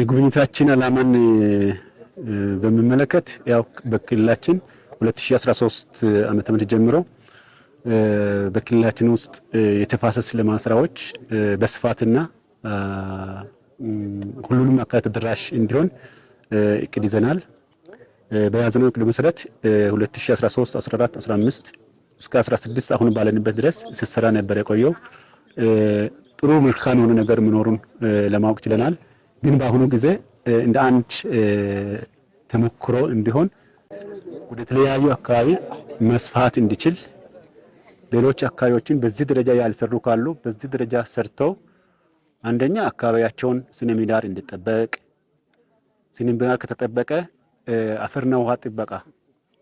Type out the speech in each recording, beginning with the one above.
የጉብኝታችን ዓላማን በሚመለከት ያው በክልላችን 2013 ዓመተ ምህረት ጀምሮ በክልላችን ውስጥ የተፋሰስ ልማት ስራዎች በስፋትና ሁሉንም አካላት ተደራሽ እንዲሆን እቅድ ይዘናል። በያዝነው እቅድ መሰረት 2013፣ 14፣ 15 እስከ 16 አሁን ባለንበት ድረስ ስሰራ ነበር የቆየው። ጥሩ መልካም የሆነ ነገር መኖሩን ለማወቅ ችለናል። ግን በአሁኑ ጊዜ እንደ አንድ ተሞክሮ እንዲሆን ወደ ተለያዩ አካባቢ መስፋት እንዲችል ሌሎች አካባቢዎችን በዚህ ደረጃ ያልሰሩ ካሉ በዚህ ደረጃ ሰርተው አንደኛ አካባቢያቸውን ስነ ምህዳር እንዲጠበቅ፣ ስነ ምህዳር ከተጠበቀ አፈርና ውሃ ጥበቃ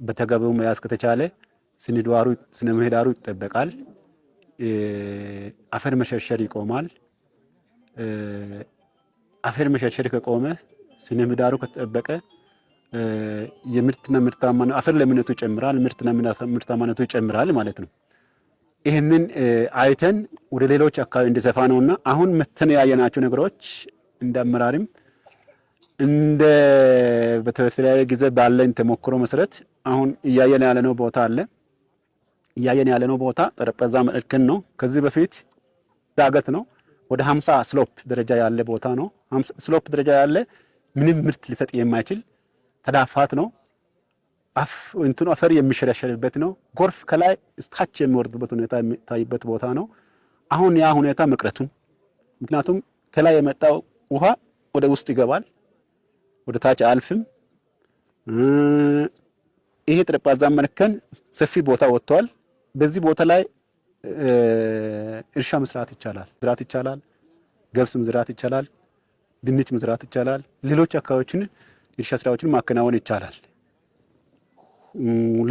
በተገቢው መያዝ ከተቻለ ስነ ምህዳሩ ይጠበቃል፣ አፈር መሸርሸር ይቆማል። አፈር መሸርሸር ከቆመ፣ ስነ ምህዳሩ ከተጠበቀ የምርትና ምርታማ አፈር ለምነቱ ይጨምራል፣ ምርትና ምርታማነቱ ይጨምራል ማለት ነው። ይህንን አይተን ወደ ሌሎች አካባቢ እንዲሰፋ ነውና አሁን መተን ያየናቸው ነገሮች እንደ አመራርም እንደ በተለያየ ጊዜ ባለን ተሞክሮ መሰረት አሁን እያየን ያለነው ቦታ አለ። እያየን ያለነው ቦታ ጠረጴዛ መልክን ነው። ከዚህ በፊት ዳገት ነው። ወደ 50 ስሎፕ ደረጃ ያለ ቦታ ነው። ስሎፕ ደረጃ ያለ ምንም ምርት ሊሰጥ የማይችል ተዳፋት ነው። አፍ እንትኑ አፈር የሚሸረሸርበት ነው። ጎርፍ ከላይ እስታች የሚወርድበት ሁኔታ የሚታይበት ቦታ ነው። አሁን ያ ሁኔታ መቅረቱን ምክንያቱም ከላይ የመጣው ውሃ ወደ ውስጥ ይገባል፣ ወደ ታች አልፍም። ይሄ ጠረጴዛ መልከን ሰፊ ቦታ ወጥቷል። በዚህ ቦታ ላይ እርሻ መስራት ይቻላል፣ ዝራት ይቻላል፣ ገብስ መዝራት ይቻላል፣ ድንች መዝራት ይቻላል። ሌሎች አካባቢዎችን እርሻ ስራዎችን ማከናወን ይቻላል።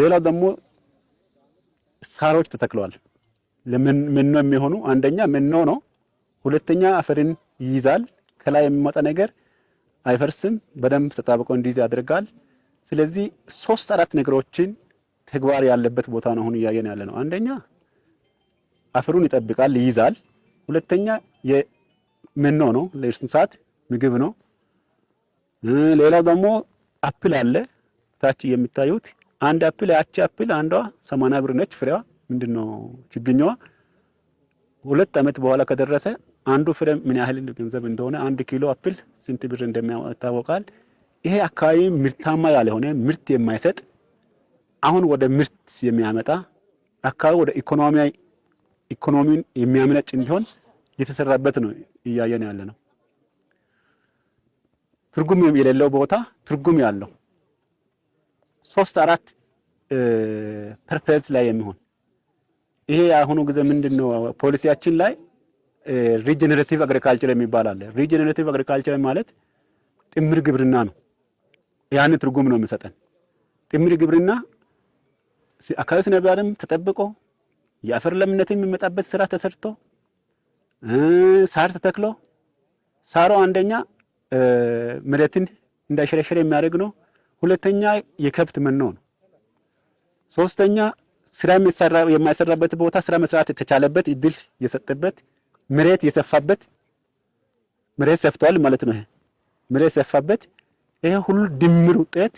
ሌላው ደግሞ ሳሮች ተተክለዋል። ለመኖ የሚሆኑ አንደኛ መኖ ነው፣ ሁለተኛ አፈርን ይይዛል። ከላይ የሚመጣ ነገር አይፈርስም፣ በደንብ ተጣብቆ እንዲይዝ ያደርጋል። ስለዚህ ሶስት አራት ነገሮችን ተግባር ያለበት ቦታ ነው አሁን እያየን ያለ ነው አንደኛ አፈሩን ይጠብቃል፣ ይይዛል። ሁለተኛ የመኖ ነው፣ ለእንስሳት ምግብ ነው። ሌላው ደግሞ አፕል አለ። ታች የምታዩት አንድ አፕል ያቺ አፕል አንዷ 80 ብር ነች። ፍሬዋ ምንድነው ችግኛዋ ሁለት አመት በኋላ ከደረሰ አንዱ ፍሬ ምን ያህል ገንዘብ እንደሆነ አንድ ኪሎ አፕል ስንት ብር እንደሚያወጣ ይሄ አካባቢ ምርታማ ያልሆነ ምርት የማይሰጥ አሁን ወደ ምርት የሚያመጣ አካባቢ ወደ ኢኮኖሚያዊ ኢኮኖሚውን የሚያምነጭ እንዲሆን እየተሰራበት ነው እያየን ያለ ነው። ትርጉም የሌለው ቦታ ትርጉም ያለው ሶስት አራት ፐርፐዝ ላይ የሚሆን ይሄ አሁኑ ጊዜ ምንድነው ፖሊሲያችን ላይ ሪጀነሬቲቭ አግሪካልቸር የሚባል አለ። ሪጀነሬቲቭ አግሪካልቸር ማለት ጥምር ግብርና ነው። ያን ትርጉም ነው የሚሰጠን ጥምር ግብርና አካባቢ ስነባሪም ተጠብቆ የአፈር ለምነት የሚመጣበት ስራ ተሰርቶ ሳር ተተክሎ ሳሩ አንደኛ መሬትን እንዳይሸረሸር የሚያደርግ ነው። ሁለተኛ የከብት መኖ ነው። ሶስተኛ ስራ የሚሰራ የማይሰራበት ቦታ ስራ መስራት የተቻለበት እድል የሰጠበት መሬት የሰፋበት መሬት ሰፍቷል ማለት ነው። ይሄ መሬት ሰፋበት ይሄ ሁሉ ድምር ውጤት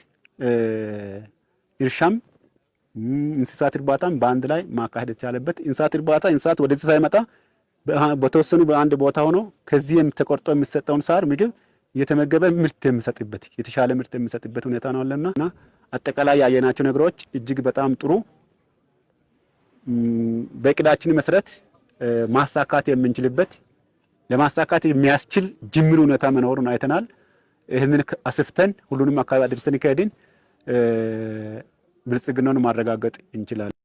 እርሻም እንስሳት እርባታን በአንድ ላይ ማካሄድ የተቻለበት እንስሳት እርባታ እንስሳት ወደዚህ ሳይመጣ በተወሰኑ በአንድ ቦታ ሆኖ ከዚህ ተቆርጦ የሚሰጠውን ሳር ምግብ እየተመገበ ምርት የሚሰጥበት የተሻለ ምርት የሚሰጥበት ሁኔታ ነው አለና እና አጠቃላይ ያየናቸው ነገሮች እጅግ በጣም ጥሩ በእቅዳችን መሰረት ማሳካት የምንችልበት ለማሳካት የሚያስችል ጅምር ሁኔታ መኖሩን አይተናል። ይህንን አስፍተን ሁሉንም አካባቢ አድርሰን ይካሄድን ብልጽግናውን ማረጋገጥ እንችላለን።